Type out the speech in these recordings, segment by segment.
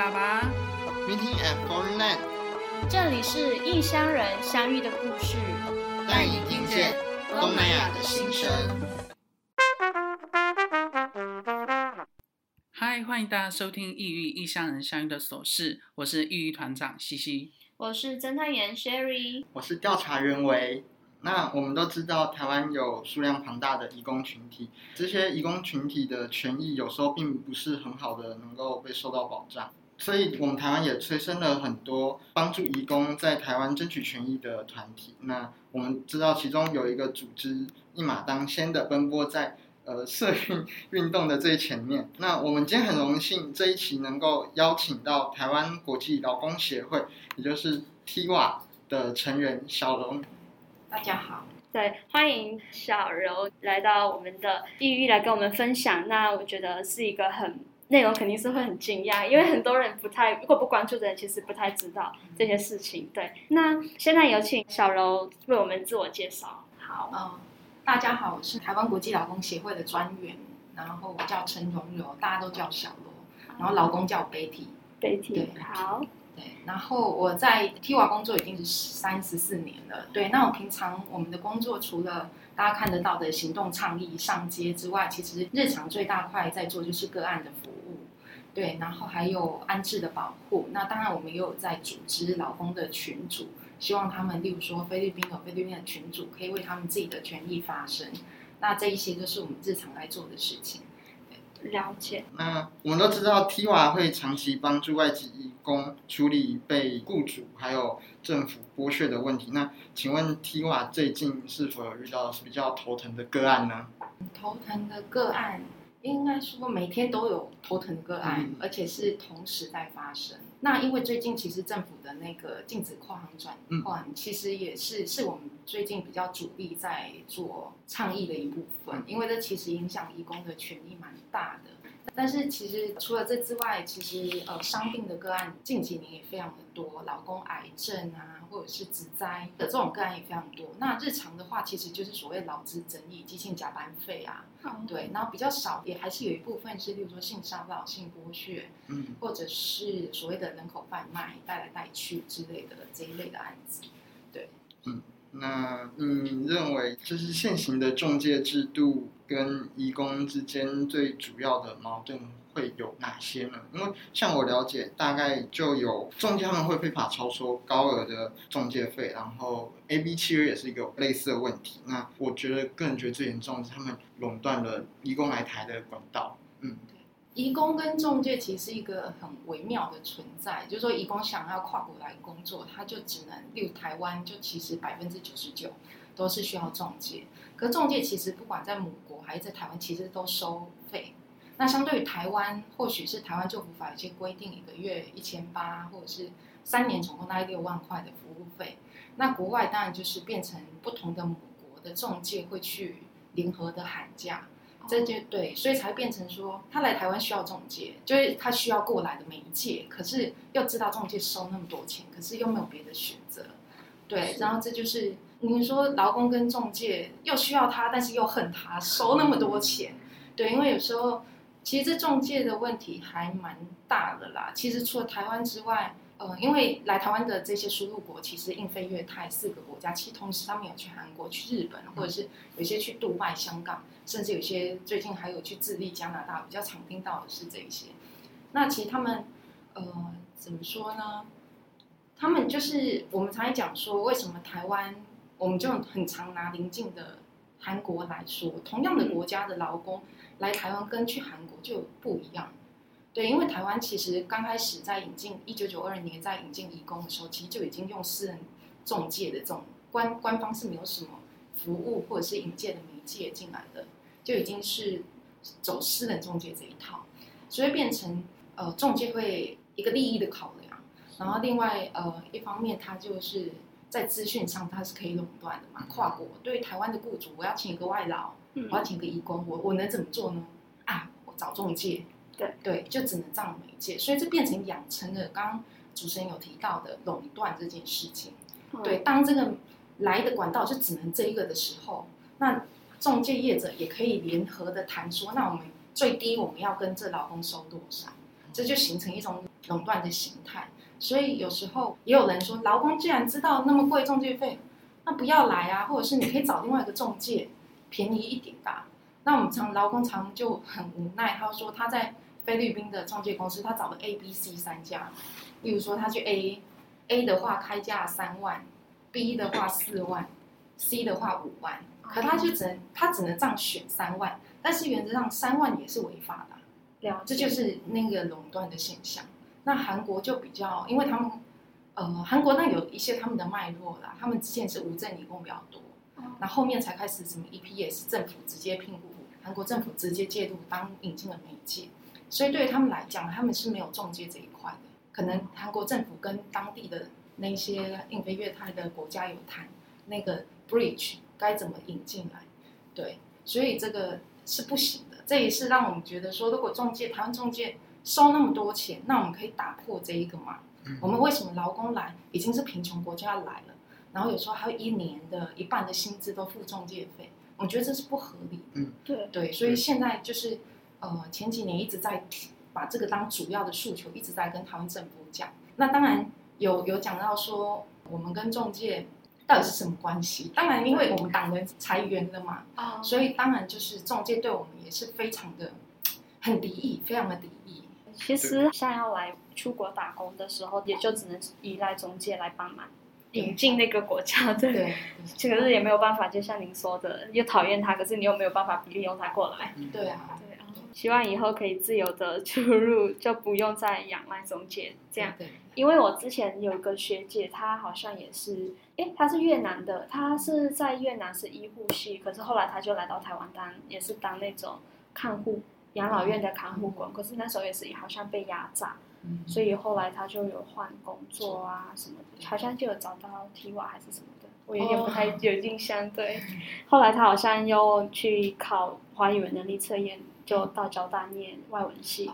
爸爸。Meeting at foreign land。這裡是異鄉人相遇的故事。帶你聽見東南亞的心聲。嗨，i 歡迎大家收聽《異遇異鄉人相遇的瑣事》，我是異遇團長西西，我是偵探員 Sherry，我是調查員維。那我們都知道，台灣有數量龐大的移工群體，這些移工群體的權益有時候並不是很好的能夠被受到保障。所以我們台灣也催生了很多幫助移工在台灣爭取權益的團體。那我們知道其中有一個組織一馬當先的奔波在呃社運運動的最前面。那我們今天很榮幸這一期能夠邀請到台灣國際勞工協會，也就是 TIWA 的成員小柔。大家好，對，歡迎小柔來到我們的異遇來跟我們分享。那我覺得是一個很。內容肯定是會很驚訝，因為很多人不太，如果不關注的人，其實不太知道這些事情。嗯、對，那現在有請小柔為我們自我介紹。好，嗯、呃，大家好，我是台灣國際勞工協會的專員，然後我叫陳榮柔，大家都叫小柔，好然後老公叫 Betty，Betty，提對好，對，然後我在 TIWA 工作已經是三十四年了。對，那我平常，我們的工作除了大家看得到的行動倡議、上街之外，其實日常最大塊在做就是個案的服務。對，然後還有安置的保護。那當然，我們也有在組織勞工的群組，希望他們，例如說菲律賓的菲律賓的群組，可以為他們自己的權益發聲。那這一些就是我們日常在做的事情。了解。那我們都知道 TIWA 會長期幫助外籍移工處理被雇主還有政府剝削的問題。那請問 TIWA 最近是否有遇到比較頭疼的個案呢？頭疼的個案。應該說每天都有頭疼個案，嗯、而且是同時在發生。那因為最近其實政府的那個禁止跨行轉換，嗯、其實也是是我們最近比較主力在做倡議的一部分，因為這其實影響移工的權益蠻大的。但是其實除了這之外，其實呃，傷病的個案近幾年也非常的多，老公癌症啊，或者是職災的這種個案也非常多。那日常的話，其實就是所謂勞資爭議，急性加班費啊，嗯、對。然後比較少，也還是有一部分是，例如說性騷擾、性剝削，或者是所謂的人口販賣、帶來帶去之類的這一類的案子，對，嗯。那你、嗯、認為，就是現行的中介制度跟移工之間最主要的矛盾會有哪些呢？因為像我了解，大概就有中介他們會非法超收高額的中介費，然後 A B 契約也是有類似的問題。那我覺得，個人覺得最嚴重的是他們壟斷了移工來台的管道，嗯。移工跟仲介其實是一個很微妙的存在，就是說移工想要跨國來工作，他就只能例如台灣，就其實百分之九十九都是需要仲介。可仲介其實不管在母國還是在台灣，其實都收費。那相對於台灣，或許是台灣就服法已規定一個月一千八，或者是三年總共大約六萬塊的服務費。那國外當然就是變成不同的母國的仲介會去聯合的喊價。這就對，所以才變成說他來台灣需要中介，就是他需要過來的媒介。可是又知道中介收那麼多錢，可是又沒有別的選擇。對，是然後這就是你說勞工跟中介又需要他，但是又恨他收那麼多錢。對，因為有時候其實這中介的問題還蠻大的啦。其實除了台灣之外，呃，因為來台灣的這些輸入國，其實印、菲、越、泰四個國家，其實同時他們有去韓國、去日本，或者是有些去度外香港。嗯嗯甚至有些最近還有去智利、加拿大，比較常聽到的是這一些。那其實他們，呃，怎麼說呢？他們就是我們常講說，為什麼台灣，我們就很常拿鄰近的韓國來說，同樣的國家的勞工來台灣跟去韓國就不一樣。對，因為台灣其實剛開始在引進，一九九二年在引進移工的時候，其實就已經用私人仲介的這種官官方是沒有什麼服務或者是引介的媒介進來的。就已經是走私人中介這一套，所以變成呃中介，會一個利益的考量，然後另外呃一方面，他就是在資訊上他是可以壟斷的嘛。跨國。對台灣的雇主，我要請一個外勞，我要請一個移工，我我能怎麼做呢？啊，我找中介，對對，就只能找中介，所以這變成養成了剛剛主持人有提到的壟斷這件事情。對，當這個來的管道就只能這一個的時候，那。中介業者也可以聯合的談說，那我們最低我們要跟這勞工收多少，這就形成一種壟斷的形態。所以有時候也有人說，勞工既然知道那麼貴中介費，那不要來啊，或者是你可以找另外一個中介便宜一點吧。那我們常勞工常就很無奈，他說他在菲律賓的中介公司，他找了 A、B、C 三家，例如說他去 A，A 的話開價三萬，B 的話四萬，C 的話五萬。可他就只能他只能這樣選三萬，但是原則上三萬也是違法的，對啊，了解，這就是那個壟斷的現象。那韓國就比較，因為他們，呃，韓國那有一些他們的脈絡啦，他們之前是無證移工比較多，那、哦、後面才開始什麼 EPS 政府直接聘雇，韓國政府直接介入當引進的媒介，所以對於他們來講，他們是沒有仲介這一塊的。可能韓國政府跟當地的那些印菲越泰的國家有談那個 Bridge。該怎麼引進來？對，所以這個是不行的。這也是讓我們覺得說，如果中介，台灣中介收那麼多錢，那我們可以打破這一個嘛？嗯、我們為什麼勞工來已經是貧窮國家來了，然後有時候還有一年的一半的薪資都付中介費？我覺得這是不合理的。對、嗯、對，所以現在就是呃前幾年一直在把這個當主要的訴求，一直在跟台灣政府講。那當然有有講到說，我們跟中介。到底是什麼關係？當然，因為我們黨人裁員擋人財源了嘛，啊、哦，所以當然就是中介對我們也是非常的，很敵意，非常的敵意。其實像要來出國打工的時候，也就只能依賴中介來幫忙引進那個國家，對。對對對，可是也沒有辦法，就像您說的，又討厭他，可是你又沒有辦法利用他過來。嗯、對啊。希望以後可以自由的出入，就不用再仰賴中介這樣。因為我之前有一個學姐，她好像也是，誒、欸，她是越南的，她是在越南是醫護系，可是後來她就來到台灣當，也是當那種看護養老院的看護工，可是那時候也是也好像被壓榨，所以後來她就有換工作啊什麼的，好像就有找到 TIWA 還是什麼的，我有點不太有印象。Oh. 對，後來她好像又去考華語文能力測驗。就到交大念外文系，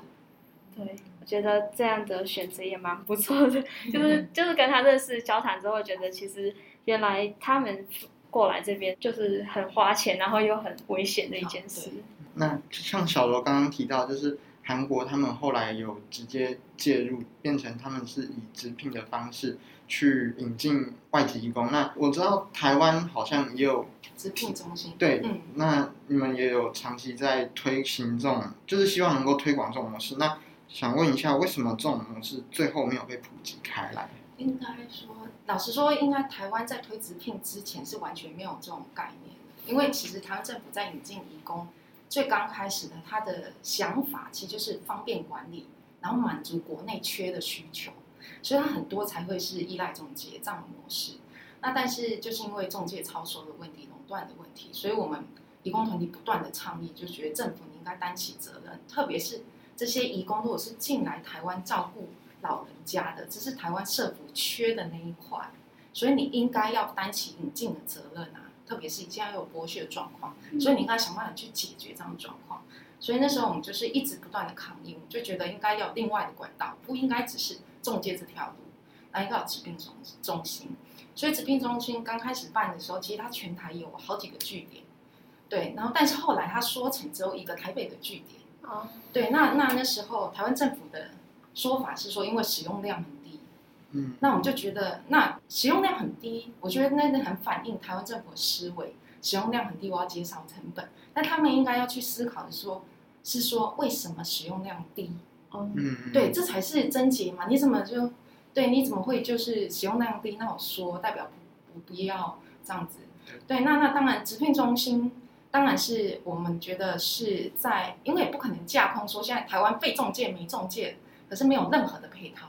對，我覺得這樣的選擇也蠻不錯的。就是就是跟他認識交談之後，我覺得其實原來他們過來這邊就是很花錢，然後又很危險的一件事。那像小柔剛剛提到，就是韓國他們後來有直接介入，變成他們是以直聘的方式。去引進外籍移工，那我知道台灣好像也有直聘中心，對，嗯，那你們也有長期在推行這種，就是希望能夠推廣這種模式。那想問一下，為什麼這種模式最後沒有被普及開來？應該說，老實說，應該台灣在推直聘之前是完全沒有這種概念。因為其實台灣政府在引進移工，最剛開始的，他的想法其實就是方便管理，然後滿足國內缺的需求。所以它很多才會是依賴這種結賬模式。那但是就是因為中介超收的問題、壟斷的問題，所以我們移工團體不斷的倡議，就覺得政府你應該擔起責任。特別是這些移工如果是進來台灣照顧老人家的，這是台灣社福缺的那一塊，所以你應該要擔起引進的責任啊！特別是現在又有剝削狀況，所以你應該想辦法去解決這樣的狀況。所以那時候我們就是一直不斷的抗議，就覺得應該要另外的管道，不應該只是。中介這條路，來到指定中中心，所以指定中心剛開始辦的時候，其實它，全台有好幾個據點，對，然後但是後來它縮成只有一個台北的據點啊，哦、對，那那那時候台灣政府的說法是說，因為使用量很低，嗯，那我們就覺得那使用量很低，我覺得那是很反映台灣政府的思維，使用量很低，我要減少成本，那他們應該要去思考的說，是說為什麼使用量低？嗯，嗯，嗯，對，這才是癥結嘛？你怎麼就對？你怎麼會就是使用那樣低，那我說代表不不必要這樣子？對，那那當然，直聘中心當然是我們覺得是在，因為也不可能架空說現在台灣廢中介沒中介，可是沒有任何的配套，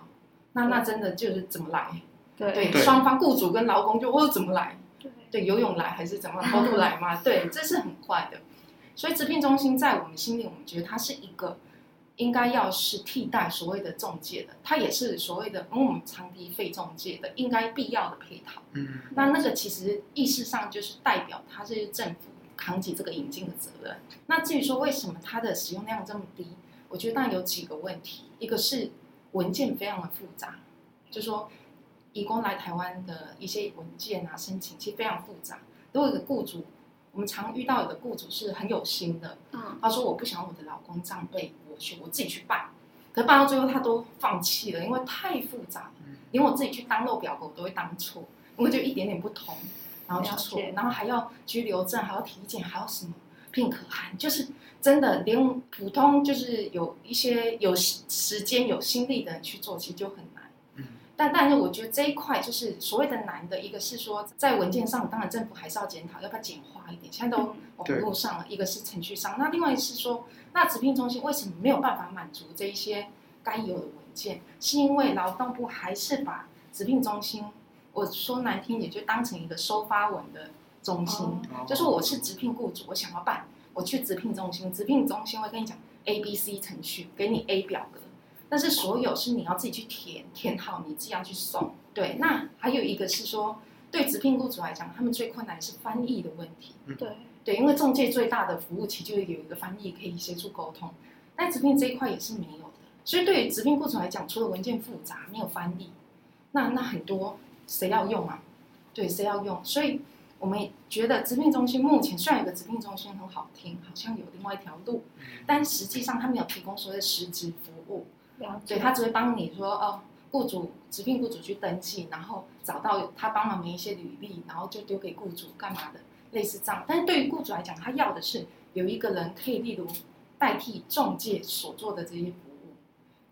那那真的就是怎麼來？對、嗯、對，雙對對方雇主跟勞工就哦怎麼來？對，對游泳來還是怎麼偷渡來嘛？ 對，這是很快的。所以直聘中心在我們心裡，我們覺得它是一個。應該要是替代所謂的中介的，它也是所謂的嗯降低費中介的應該必要的配套。嗯，那那個其實意識上就是代表它是政府扛起這個引進的責任。那至於說為什麼它的使用量這麼低，我覺得有幾個問題，一個是文件非常的複雜，就是說移工來台灣的一些文件啊申請，其實非常複雜。如果有個雇主我們常遇到有的雇主是很有心的，嗯，他說，我不想我的老公這樣被我去，我自己去辦，可是辦到最後他都放棄了，因為太複雜了，連我自己去 download 表格我都會當錯，因為就一點點不同，然後就錯，解然後還要居留證，還要體檢，還有什麼聘僱函，就是真的連普通就是有一些有時間有心力的人去做，其實就很。但但是我覺得這一塊就是所謂的難的一個是說在文件上，當然政府還是要檢討，要不要簡化一點，現在都網絡、哦、上了。一個是程序上，對那另外是說，那直聘中心為什麼沒有辦法滿足這一些該有的文件，是因為勞動部還是把直聘中心，我說難聽點就當成一個收發文的中心，嗯、吧就是我是直聘雇主，我想要辦，我去直聘中心，直聘中心會跟你講 A B C 程序，給你 A 表格。但是所有是你要自己去填，填好你自己要去送，對。那還有一個是說，對直聘雇主來講，他們最困難是翻譯的問題，對、嗯、對，因為仲介最大的服務器就是有一個翻譯可以協助溝通，但直聘這一塊也是沒有的。所以對於直聘雇主來講，除了文件複雜，沒有翻譯，那那很多誰要用啊？對，誰要用？所以我們覺得直聘中心目前雖然有個直聘中心很好聽，好像有另外一條路，但實際上他沒有提供所謂的實質服務。嗯、對，他只會幫你說哦，僱主、直聘僱主去登記，然後找到他幫忙沒一些履歷，然後就丟給僱主幹嘛的，類似這樣。但是對於僱主來講，他要的是有一個人可以例如代替仲介所做的這些服務，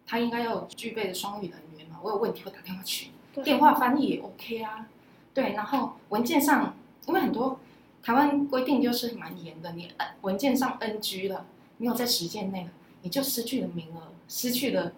他應該要有具備的雙語人員嘛。我有問題我打電話去，電話翻譯也 OK 啊。對，然後文件上，因為很多台灣規定就是蠻嚴的，你文件上 NG 了，沒有在時間內了，你就失去了名額。失去了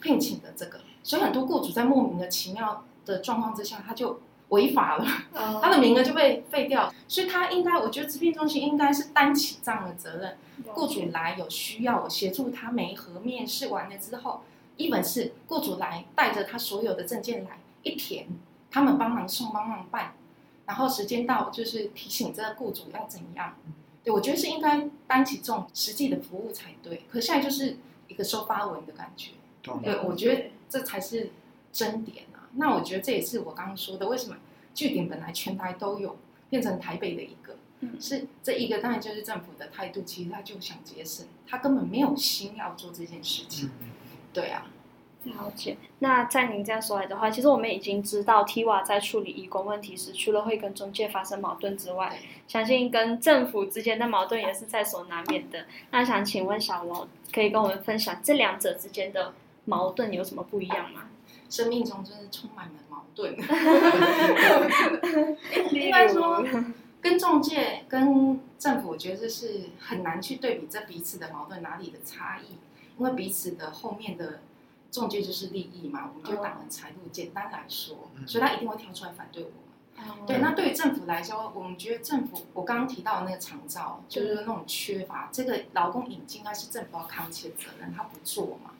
聘請的這個，所以很多雇主在莫名的奇妙的狀況之下，他就違法了，他的名額就被廢掉。所以他應該，我覺得直聘中心應該是擔起這樣的責任。雇主來有需要我協助他，每和面試完了之後，一本是雇主來帶着他所有的證件來一填，他們幫忙送、幫忙辦，然後時間到就是提醒這個雇主要怎樣。對，我覺得是應該擔起這種實際的服務才對。可現在就是。一個收發文的感覺，嗯、對，我覺得這才是爭點啊。那我覺得這也是我剛剛說的，為什麼據點本來全台都有，變成台北的一個，是這一個當然就是政府的態度，其實他就想節省，他根本沒有心要做這件事情，對啊。了解，那在您這樣說來的話，其實我們已經知道 TIWA 在處理移工問題時，除了會跟中介發生矛盾之外，對相信跟政府之間的矛盾也是在所難免的。那想請問小柔，可以跟我們分享這兩者之間的矛盾有什麼不一樣嗎？生命中真是充滿了矛盾。應該 說，跟中介跟政府，我覺得這是很難去對比這彼此的矛盾哪裡的差異，因為彼此的後面的。中介就是利益嘛，我們就擋人財路，簡單來說，嗯、所以他一定會跳出來反對我們。嗯、對，那對於政府來說，我們覺得政府，我剛剛提到的那個長照，就是那種缺乏這個勞工引進，應該是政府要扛起責任，他不做嘛。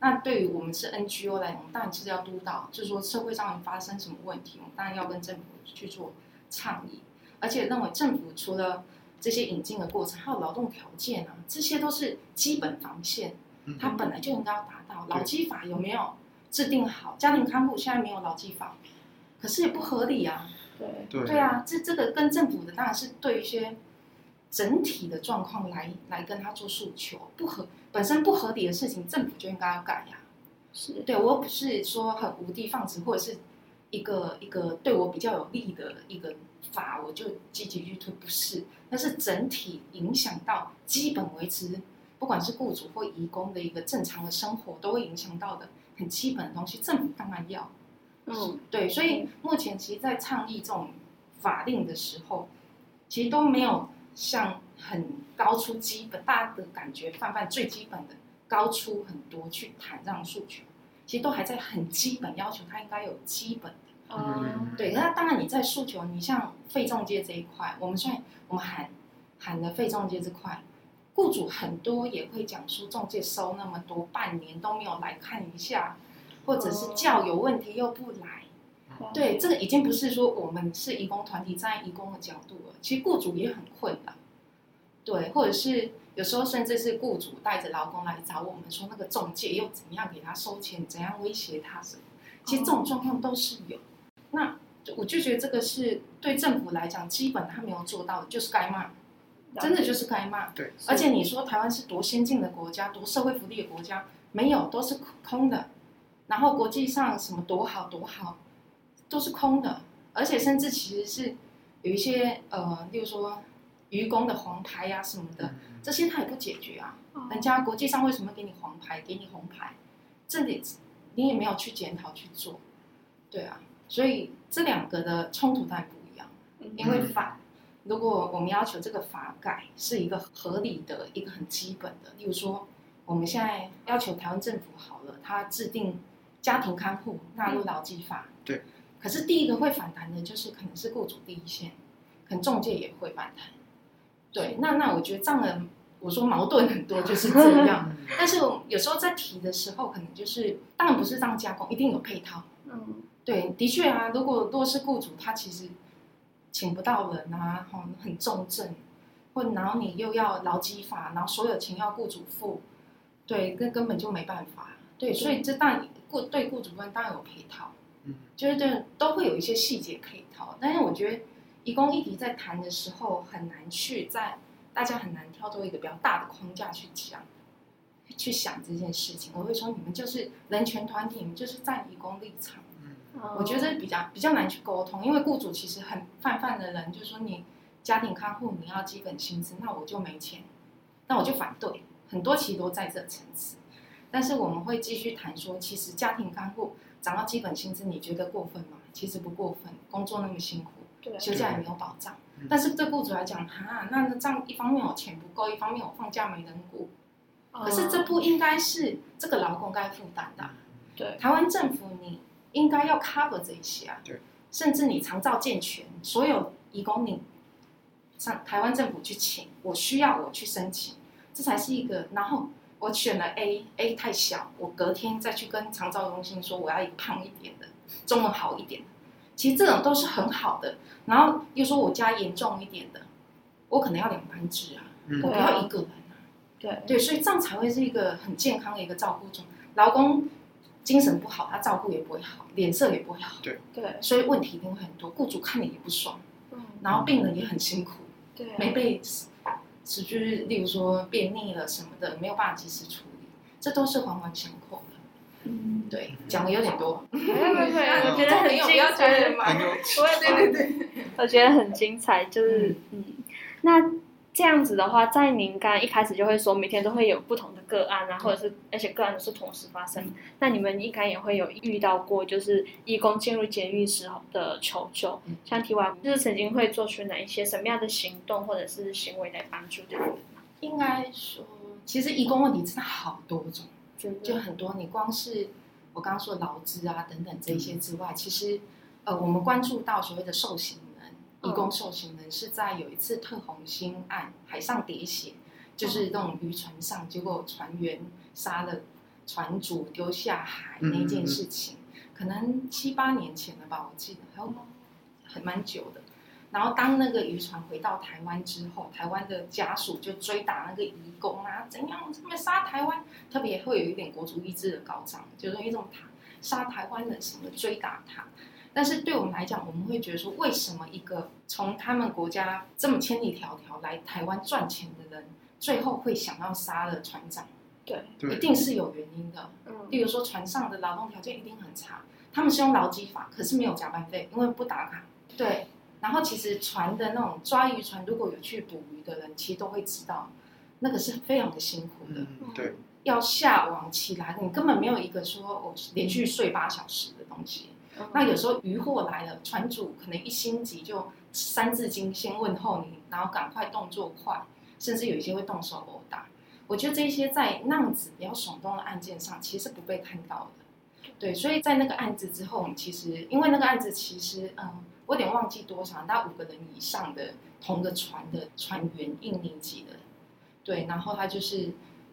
那對於我們是 NGO 來講，我們當然就是要督導，就是說社會上發生什麼問題，我們當然要跟政府去做倡議，而且認為政府除了這些引進的過程，還有勞動條件啊，這些都是基本防線。他本來就應該要達到勞基法，有沒有制定好？家庭看護現在沒有勞基法，可是也不合理啊。對對對啊，這這個跟政府的當然是對一些整體的狀況來來跟他做訴求，不合本身不合理的事情，政府就應該要改呀。是對，我不是說很無的放矢，或者是一個一個對我比較有利的一個法，我就積極去推，不是，但是整體影響到基本維持。不管是雇主或移工的一個正常的生活都會影響到的，很基本的東西，這當然要。嗯，對，所以目前其實，在倡議這種法令的時候，其實都沒有像很高出基本大的感覺，泛泛最基本的高出很多去談這種訴求，其實都還在很基本要求，他應該有基本的。啊、嗯嗯，對，那當然你在訴求，你像廢仲介這一塊，我們現在我們喊喊的廢仲介這塊。雇主很多也會講說仲介收那麼多，半年都沒有來看一下，或者是教有問題又不來，對，這個已經不是說我們是移工團體在移工的角度了，其實雇主也很困難，對，或者是有時候甚至是雇主帶着勞工來找我們說，那個仲介又怎樣給他收錢，怎樣威脅他什麼，其實這種狀況都是有，那我就覺得這個是對政府來講基本他沒有做到的就是該罵。真的就是該罵，對。而且你說台灣是多先進的國家，多社會福利的國家，沒有，都是空的。然後國際上什麼多好多好，都是空的。而且甚至其實是有一些呃，例如說漁工的黃牌呀、啊、什麼的，這些他也不解決啊。哦、人家國際上為什麼給你黃牌，給你紅牌？這裡你也沒有去檢討去做，對啊。所以這兩個的衝突它也不一樣，嗯、因為反。嗯如果我們要求這個法改是一個合理的一個很基本的，例如說，我們現在要求台灣政府好了，它制定家庭看護納入勞基法。嗯，對。可是第一個會反彈的就是可能是雇主第一線，可能中介也會反彈。對，那那我覺得這樣的，我說矛盾很多就是這樣。 但是有時候在提的時候，可能就是當然不是這樣加工，一定有配套。嗯，對，的確啊，如果多是雇主，他其實。請不到人啊，很很重症，或者然後你又要勞基法，然後所有錢要雇主付，對，那根本就沒辦法。對，對，所以這但雇對雇主方當然有配套，嗯，就是這、嗯、都會有一些細節配套。但是我覺得，移工議題在談的時候很難去在大家很難跳出一個比較大的框架去講，去想這件事情。我會說，你們就是人權團體，你們就是在移工立場。Oh. 我覺得比較比較難去溝通，因為雇主其實很泛泛的人，就是、說你家庭看護你要基本薪資，那我就沒錢，那我就反對，很多其實都在這層次。但是我們會繼續談說，其實家庭看護漲到基本薪資，你覺得過分嗎？其實不過分，工作那麼辛苦，對，休假也沒有保障。嗯、但是對雇主來講，哈、啊，那這樣一方面我錢不夠，一方面我放假沒人顧。Oh. 可是這不應該是這個勞工該負擔的。對，台灣政府你。應該要 cover 這一些啊，對甚至你長照健全，所有移工你上台灣政府去請，我需要我去申請，這才是一個。然後我選了 A，A 太小，我隔天再去跟長照中心說我要一個胖一點的，中文好一點的。其實這種都是很好的。然後又說我家嚴重一點的，我可能要兩班制啊，對我不要一個人啊。對對，所以這樣才會是一個很健康的一個照顧中，勞工。精神不好，他照顧也不會好，臉色也不會好，對對，所以問題一定會很多。雇主看你也不爽，然後病人也很辛苦，對，沒被持續，例如說便秘了什麼的，沒有辦法及時處理，這都是環環相扣的，嗯，對，講的有點多，對對對，我覺得很精彩，很多對對對，我覺得很精彩，就是嗯，那。這樣子的話，在您剛剛一開始就會說，每天都會有不同的個案啊，或者是，而且個案都是同時發生。嗯、那你們應該也會有遇到過，就是移工進入監獄時候的求救。嗯、像 TIWA 就是曾經會做出哪一些什麼樣的行動或者是行為來幫助他？應該說，其實移工問題真的好多種，吧就很多。你光是我剛剛說勞資啊等等這一些之外，其實呃，我們關注到所謂的受刑。移工受刑人是在有一次特宏興案、嗯、海上喋血，就是那種漁船上，嗯、結果船員殺了船主丟下海嗯嗯嗯那件事情，可能七八年前了吧，我記得還有嗎，還蠻久的。然後當那個漁船回到台灣之後，台灣的家屬就追打那個移工啊，怎樣他們殺台灣，特別會有一點國族意志的高漲，就用、是、一種塔殺台灣人的什麼追打他。但是對我們來講，我們會覺得說，為什麼一個從他們國家這麼千里迢迢來台灣賺錢的人，最後會想要殺了船長？對，一定是有原因的。嗯，例如說船上的勞動條件一定很差，他們是用勞基法，可是沒有加班費，因為不打卡。對。然後其實船的那種抓漁船，如果有去捕魚的人，其實都會知道，那個是非常的辛苦的。嗯，對。要下網起來，你根本沒有一個說我連續睡八小時的東西。那有時候漁獲來了，船主可能一心急就三字經先問候你，然後趕快動作快，甚至有一些會動手毆打。我覺得這些在那樣子比較聳動的案件上，其實是不被看到的。對，所以在那個案子之後，我們其實因為那個案子其實嗯，我有點忘記多少，那五個人以上的同個船的船員，印尼籍的，對，然後他就是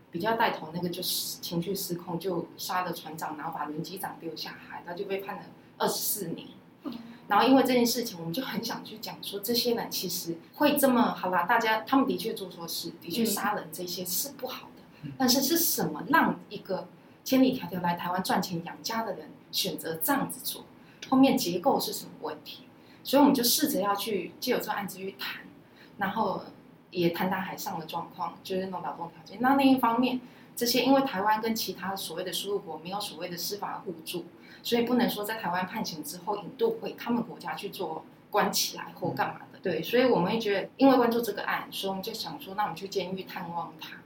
比較帶頭那個就是情緒失控，就殺了船長，然後把輪機長丟下海，他就被判了。二十四年，然後因為這件事情，我們就很想去講說，這些人其實會這麼好吧。大家他們的確做錯事，的確殺人，這些是不好的。但是是什麼讓一個千里迢迢來台灣賺錢養家的人選擇這樣子做？後面結構是什麼問題？所以我們就試着要去借由這個案子去談，然後也談談海上的狀況，就是那種勞動條件。那另一方面，這些因為台灣跟其他所謂的輸入國沒有所謂的司法互助，所以不能說在台灣判刑之後引渡回他們國家去做關起來或幹嘛的。對，所以我們會覺得，因為關注這個案，所以我們就想說，那我們去監獄探望他，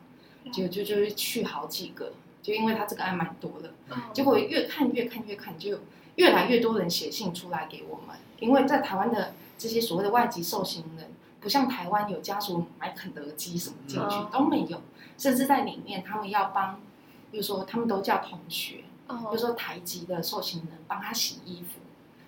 就就就去好幾個，就因為他這個案蠻多的。結果越看越看越看，就越來越多人寫信出來給我們，因為在台灣的這些所謂的外籍受刑人，不像台灣有家屬買肯德基什麼進去，uh huh. 都沒有，甚至在裡面他們要幫，比如說他們都叫同學，就，uh huh. 說台籍的受刑人幫他洗衣服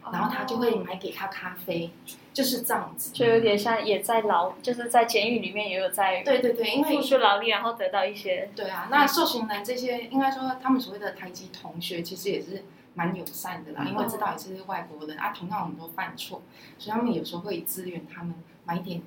，uh huh. 然後他就會買給他咖啡，uh huh. 就是這樣子。就有點像也在勞，就是在監獄裡面也有在對對對，因為付出勞力，然後得到一些。對啊，那受刑人這些應該說他們所謂的台籍同學，其實也是蠻友善的啦，因為，uh huh. 知道也是外國人啊，同樣我們都犯錯，所以他們有時候會支援他們。買一點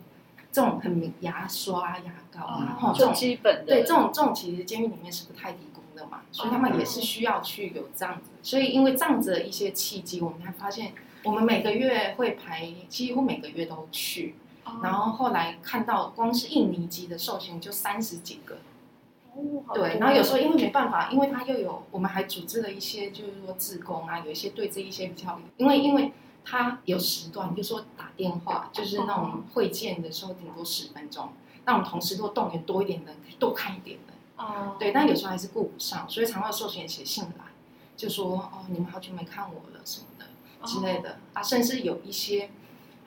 這種很牙刷、啊、牙膏啊，這種、啊、基本的。對這種這種其實監獄裡面是不太提供的嘛，哦、所以他們也是需要去有這樣子。哦、所以因為這樣子的一些契機，我們才發現，我們每個月會排，幾乎每個月都去。哦、然後後來看到，光是印尼籍的受刑就三十幾個，哦、對。然後有時候因為沒辦法，因為他又有我們還組織了一些，就是說志工啊，有一些對這一些比較，因為因為。他有時段，就說打電話，就是那種會見的時候，頂多十分鐘。那我們同時都動員，多一點人，多看一點人。哦、嗯。對，但有時候還是顧不上，所以常常授權寫信來，就說哦，你們好久沒看我了什麼的之類的啊，甚至有一些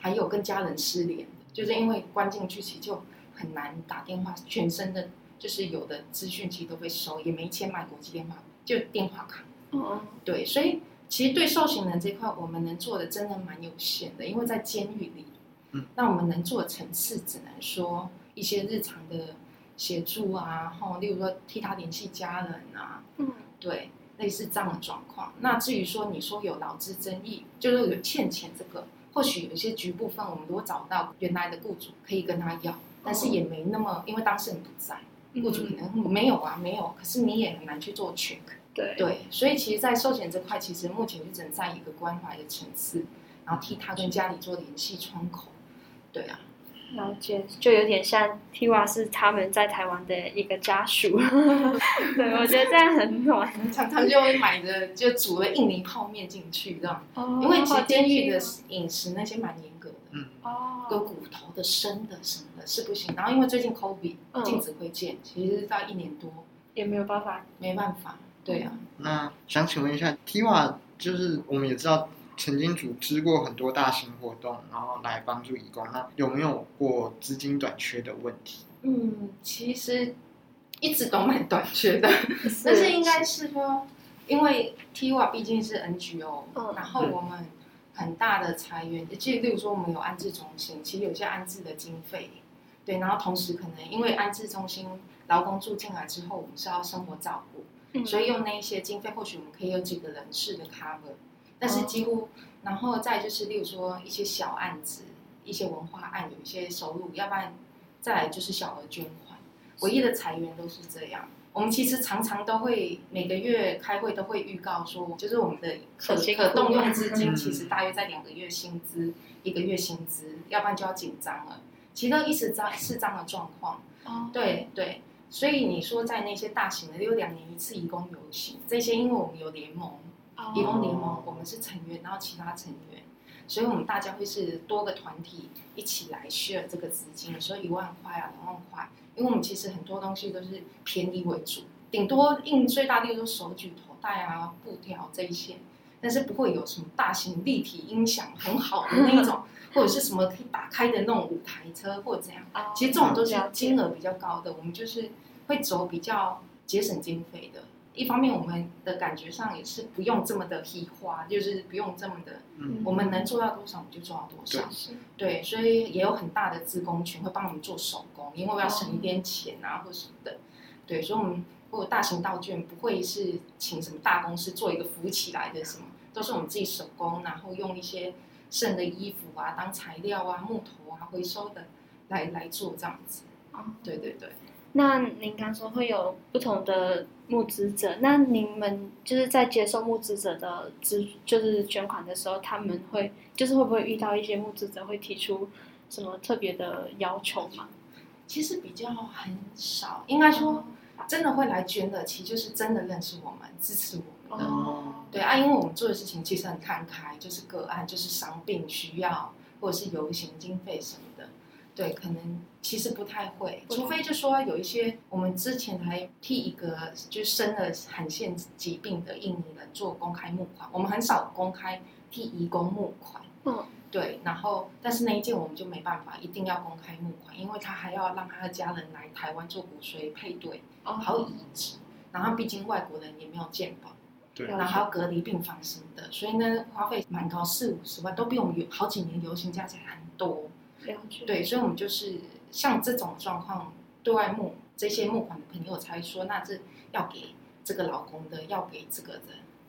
還有跟家人失聯，就是因為關進去其實就很難打電話，全身的就是有的資訊其實都被收，也沒錢買國際電話，就電話卡。哦、嗯。對，所以。其實對受刑人這塊，我們能做的真的蠻有限的，因為在監獄裡，嗯，那我們能做的層次只能說一些日常的協助啊，吼，例如說替他聯繫家人啊，嗯，對，類似這樣的狀況。那至於說你說有勞資爭議，就是有欠錢這個，或許有些局部分我們如果找到原來的雇主，可以跟他要，但是也沒那麼，哦、因為當事人不在，雇主可能沒有啊，沒有。可是你也很難去做全對，對，所以其實，在壽險這塊，其實目前就只能在一個關懷的層次，然後替他跟家裡做聯繫窗口。對啊，然後就有點像 TIWA 是他們在台灣的一個家屬。 對，我覺得這樣很暖。 常常就會買的，就煮了印尼泡麵進去，這樣。哦。因為其實監獄的飲食那些蠻嚴格的。嗯。哦。跟骨頭的、生的、什麼的是不行。然後，因為最近 COVID、嗯、禁止會見，其實到一年多也沒有辦法，沒辦法。對呀、啊，那想請問一下，TIWA 就是我們也知道，曾經組織過很多大型活動，然後來幫助移工。那有沒有過資金短缺的問題？嗯，其實一直都蠻短缺的， 是但是應該是說，因為 TIWA 畢竟是 NGO，、嗯、然後我們很大的財源，嗯、即例如說我們有安置中心，其實有些安置的經費，對，然後同時可能因為安置中心勞工住進來之後，我們是要生活照顧。所以用那一些經費，或許我們可以有幾個人士的 cover，但是幾乎，哦、然後再就是，例如說一些小案子、一些文化案，有一些收入，要不然再來就是小額捐款。是唯一的財源都是這樣。我們其實常常都會每個月開會都會預告說，就是我們的可可，行可動用資金其實大約在兩個月薪資、嗯、一個月薪資，要不然就要緊張了。其實都一直張是這樣的狀況。哦，對對。對所以你說在那些大型的有兩年一次移工遊行，這些，因為我們有聯盟，移工、oh. 聯盟我們是成員，然後其他成員，所以我們大家會是多個團體一起來 share 這個資金，所以一萬塊啊兩萬塊，因為我們其實很多東西都是便宜為主，頂多應最大例如手舉頭帶啊布條這一些。但是不會有什麼大型立體音響很好的那一種， 或者是什麼可以打開的那種舞台車或者怎樣，啊、其實這種都是金額比較高的。啊、我們就是會走比較節省經費的，一方面我們的感覺上也是不用這麼的屁花，就是不用這麼的，嗯、我們能做到多少我們就做到多少。嗯、對，所以也有很大的志工群會幫我們做手工，因為我要省一點錢啊或什麼的。對，所以我們如果大型道具不會是請什麼大公司做一個扶起來的什麼。都是我們自己手工，然後用一些剩的衣服啊當材料啊、木頭啊回收的來來做這樣子。啊、嗯，對對對。那您剛說會有不同的募資者，那您們就是在接受募資者的資，就是捐款的時候，他們會就是會不會遇到一些募資者會提出什麼特別的要求嗎？其實比較很少，應該說真的會來捐的，其實就是真的認識我們，支持我們。哦，嗯 oh. 對啊，因為我們做的事情其實很看開，就是個案，就是傷病需要，或者是遊行經費什麼的。對，可能其實不太會，除非就說有一些，我們之前還替一個就生了罕見疾病的印尼人做公開募款，我們很少公開替移工募款。嗯。Oh. 對，然後但是那一件我們就沒辦法，一定要公開募款，因為他還要讓他的家人來台灣做骨髓配對，哦，還有移植，然後畢竟外國人也沒有健保。對然後還要隔離病房什麼的，對所以呢，花費蠻高，四五十萬都比我們有好幾年流行價錢還多。嗯、對，所以我們就是像這種狀況，對外募、嗯、這些募款的朋友才會說，那這要給這個老公的，要給這個人，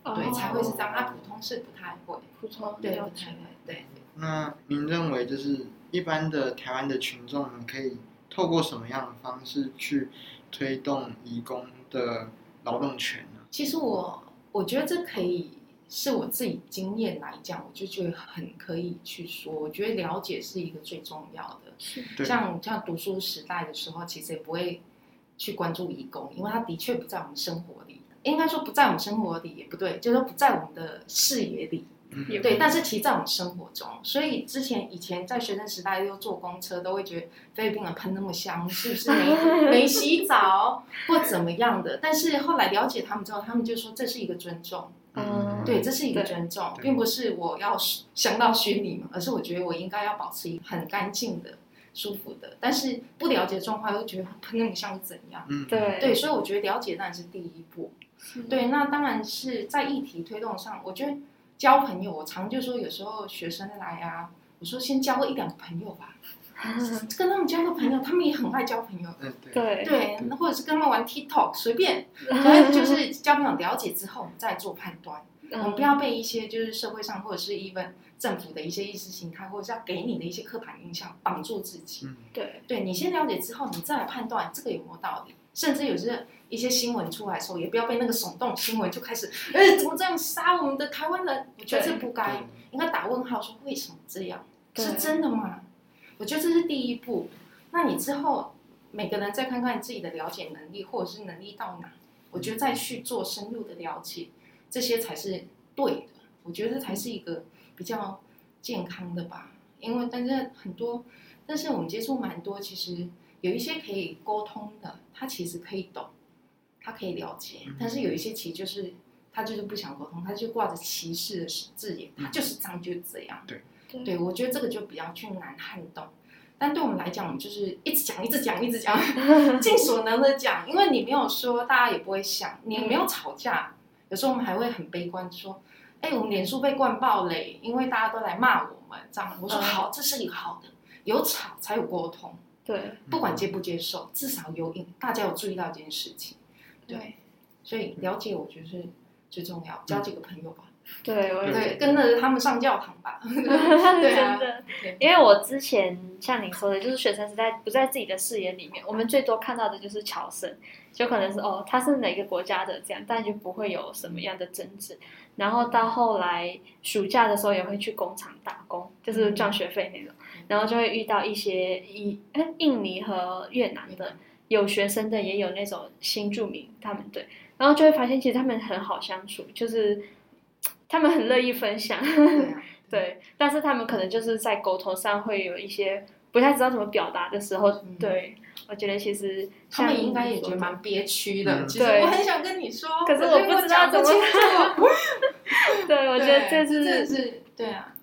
哦、對，才會。是這樣。他、啊、普通是不太會，普通不對不太會，對對。那您認為，就是一般的台灣的群眾可以透過什麼樣的方式去推動移工的勞動權呢？其實我。我覺得這可以是我自己經驗來講，我就覺得很可以去說。我覺得了解是一個最重要的。是像像讀書時代的時候，其實也不會去關注移工，因為他的確不在我們生活裡，應該說不在我們生活裡，也不對，就是說不在我們的視野裡。Mm hmm. 對，但是其實在我們生活中，所以之前以前在學生時代又坐公車，都會覺得菲律賓人噴那麼香，是不是沒 沒洗澡或怎麼樣的？ 但是後來了解他們之後，他們就說這是一個尊重，嗯、mm，hmm. 對，這是一個尊重，mm hmm. 並不是我要香到燻你嘛，而是我覺得我應該要保持一個很乾淨的、舒服的。但是不了解狀況又覺得噴那麼香是怎樣？對、mm hmm. 對，所以我覺得了解當然是第一步，mm hmm. 對，那當然是在議題推動上，我覺得。交朋友，我常就說有時候學生來啊，我說先交個一兩個朋友吧，嗯、跟他們交個朋友，他們也很愛交朋友。對對，對對或者是跟他們玩 TikTok，隨便，反正就是交朋友，了解之後，再做判斷。嗯、我們不要被一些就是社會上或者是 even 政府的一些意識形態，或者是要給你的一些刻板印象綁住自己。嗯、對對，你先了解之後，你再來判斷這個有沒有道理。甚至有些一些新聞出來的時候，也不要被那個聳動新聞就開始，哎、欸，怎麼這樣殺我們的台灣人？我覺得不該，應該打問號，說為什麼這樣？是真的嗎？對我覺得這是第一步。那你之後每個人再看看自己的了解能力，或者是能力到哪，我覺得再去做深入的了解，這些才是對的。我覺得才是一個比較健康的吧，因為但是很多，但是我們接觸蠻多，其實。有一些可以溝通的，他其實可以懂，他可以了解，嗯、哼但是有一些其實就是他就是不想溝通，他就掛着歧視的字眼，嗯、哼他就是這樣就這樣，對對，我覺得這個就比較去難撼動。但對我們來講，我們就是一直講，一直講，一直講，盡 所能的講，因為你沒有說，大家也不會想，你沒有吵架，嗯、哼有時候我們還會很悲觀，說，哎，我們臉書被灌爆嘞，因為大家都來罵我們這樣。我說好，這是一個好的，有吵才有溝通。對，不管接不接受，至少有影，大家有注意到這件事情，對，所以了解我覺得是最重要的，交幾個朋友吧。對，我也覺得對，跟着他們上教堂吧。 真的對的、啊、因為我之前像你說的，就是學生時代不在自己的視野裡面，我們最多看到的就是僑生，就可能是哦他是哪個國家的這樣，但就不會有什麼樣的爭執。然後到後來暑假的時候也會去工廠打工，就是賺學費那種。嗯然後就會遇到一些印印尼和越南的有學生的，也有那種新住民他們，對，然後就會發現其實他們很好相處，就是他們很樂意分享，對，啊、 對，但是他們可能就是在溝通上會有一些不太知道怎麼表達的時候，嗯、對，我覺得其實像他們應該也覺得蠻憋屈的，們其實我很想跟你說，對可是我不知道怎麼講 對，我覺得這是，這是對啊。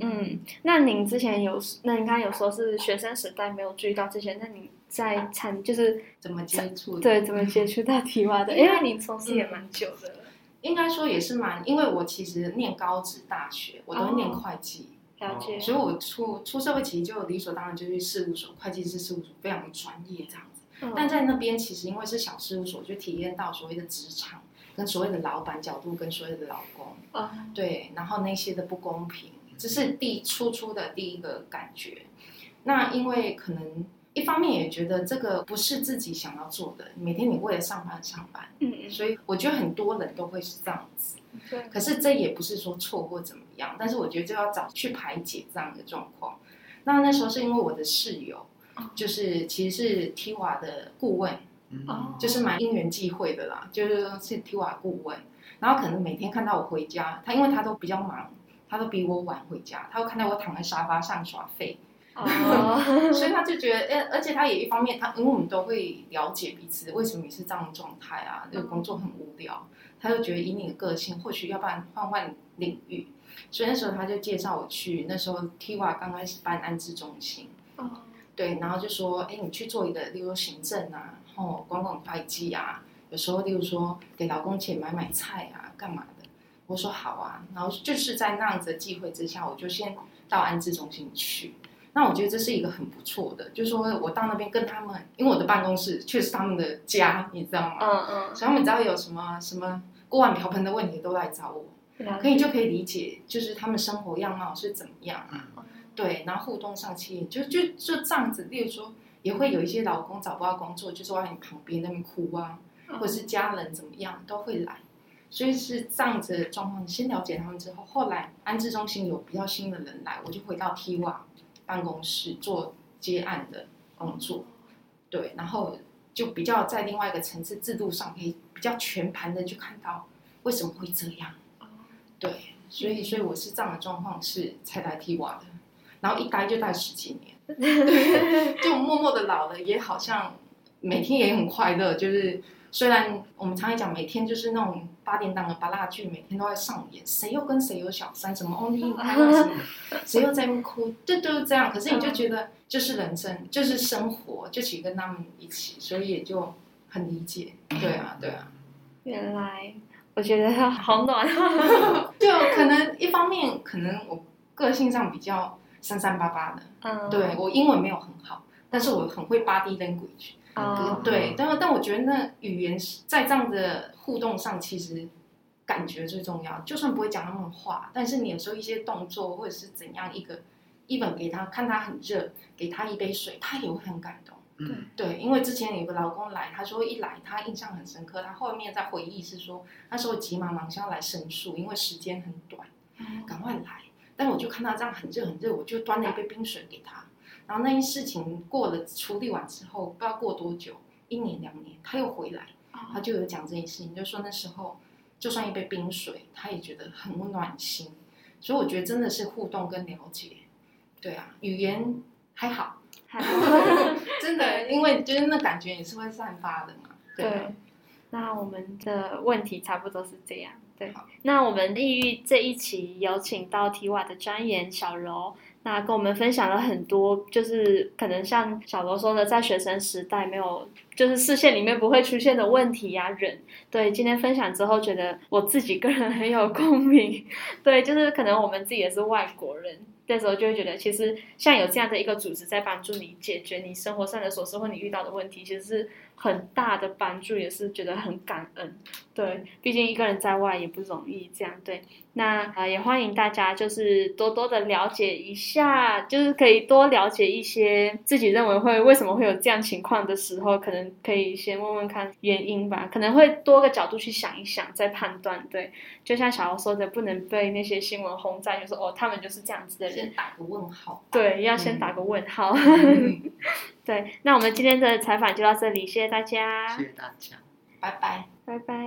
嗯，那您之前有那應該有說是學生時代沒有注意到之前，那你在參就是、啊、怎麼接觸的對，怎麼接觸到 TIWA 的？因為你從事也蠻久的，應該說也是蠻。因為我其實念高職大學，我都念會計，哦、了解，所以，我出出社會其實就理所當然就去事務所，會計師事務所非常專業這樣子。嗯、但在那邊其實因為是小事務所，就體驗到所謂的職場跟所謂的老板角度跟所謂的勞工啊，哦、對，然後那些的不公平。這是第初出的第一個感覺，那因為可能一方面也覺得這個不是自己想要做的，每天你為了上班上班，嗯嗯，所以我覺得很多人都會是這樣子，對。可是這也不是說錯或怎麼樣，但是我覺得就要早去排解這樣的狀況。那那時候是因為我的室友，嗯、就是其實是 TIWA 的顧問，嗯、就是蠻因緣際會的啦，就是是 TIWA 顧問，然後可能每天看到我回家，他因為他都比較忙。他都比我晚回家，他會看到我躺在沙發上耍廢， uh huh. 所以他就覺得，呃，而且他也一方面，他因為我們都會了解彼此為什麼你是這樣的狀態啊，那個、uh huh. 工作很無聊，他就覺得以你的個性，或許要不然換換領域，所以那時候他就介紹我去那時候 TIWA 剛開始辦安置中心，uh huh. 對，然後就說，哎、欸，你去做一個，例如行政啊，然後管管會計啊，有時候例如說給老公錢買買菜啊，幹嘛的。我說好啊，然後就是在那樣子的機會之下，我就先到安置中心去。那我覺得這是一個很不錯的，就是說我到那邊跟他們，因為我的辦公室確實是他們的家，你知道嗎？嗯嗯。所以他們只要有什麼什麼鍋碗瓢盆的問題，都來找我，可以、嗯嗯、就可以理解，就是他們生活樣貌是怎麼樣啊，嗯嗯，對，然後互動上去，就就就這樣子。例如說，也會有一些老公找不到工作，就坐在你旁邊那邊哭啊，嗯嗯，或者是家人怎麼樣，都會來。所以是這樣子的狀況，先了解他們之後，後來安置中心有比較新的人來，我就回到 TIWA 辦公室做接案的工作，對，然後就比較在另外一個層次制度上，可以比較全盤的去看到為什麼會這樣。對，所以所以我是這樣的狀況，是才來 TIWA 的，然後一待就待十幾年。對，就默默的老了，也好像每天也很快樂，就是雖然我們常常講每天就是那種。八點檔的芭樂劇每天都在上演，誰又跟誰有小三，怎麼什麼 only you，麼，誰 又在哭，這都是這樣。可是你就覺得，就是人生，就是生活，就請跟他們一起，所以也就很理解。對啊，對啊。原來我覺得好暖，啊。對 可能一方面，可能我個性上比較三三八八的。嗯。 對我英文沒有很好，但是我很會 body language。啊、oh, okay.，對，但但我覺得那語言在這樣的互動上，其實感覺最重要。就算不會講那麼話，但是你有時候一些動作或者是怎樣一個，一本給他看，他很熱，給他一杯水，他也會很感動。對、mm，hmm. 對，因為之前有個勞工來，他說一來他印象很深刻，他後面在回憶是說那時候急忙忙想要來申訴，因為時間很短，趕、mm hmm. 快來。但我就看他這樣很熱很熱，我就端了一杯冰水給他。然後那些事情過了，處理完之後，不知道過多久，一年兩年，他又回來，他就有講這件事情，就說那時候就算一杯冰水，他也覺得很暖心。所以我覺得真的是互動跟了解，對啊，語言還好，還好，真的，因為就是那感覺也是會散發的嘛。對，對，那我們的問題差不多是這樣。對，好那我們利郁異遇這一期有請到提瓦的專員小柔。那跟我們分享了很多，就是可能像小柔說的，在學生時代沒有，就是視線裡面不會出現的問題呀、啊，人。對，今天分享之後，覺得我自己個人很有共鳴。對，就是可能我們自己也是外國人，那時候就會覺得，其實像有這樣的一個組織在幫助你解決你生活上的瑣事或你遇到的問題，其實是。很大的幫助也是覺得很感恩，對，畢竟一個人在外也不容易，這樣對。那啊、呃，也歡迎大家就是多多的了解一下，就是可以多了解一些自己認為會為什麼會有這樣情況的時候，可能可以先問問看原因吧，可能會多個角度去想一想再判斷，對。就像小柔說的，不能被那些新聞轟炸，就說、是、哦他們就是這樣子的人，先打個問號。對，要先打個問號。嗯 對，那我們今天的採訪就到這裡，謝謝大家，謝謝大家，拜拜，拜拜。